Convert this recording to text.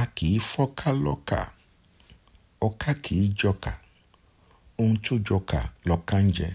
a kì í fọ́ká lọ́kà ọká kì í jọkà ohun tó jọkà lọ́kà ń jẹ.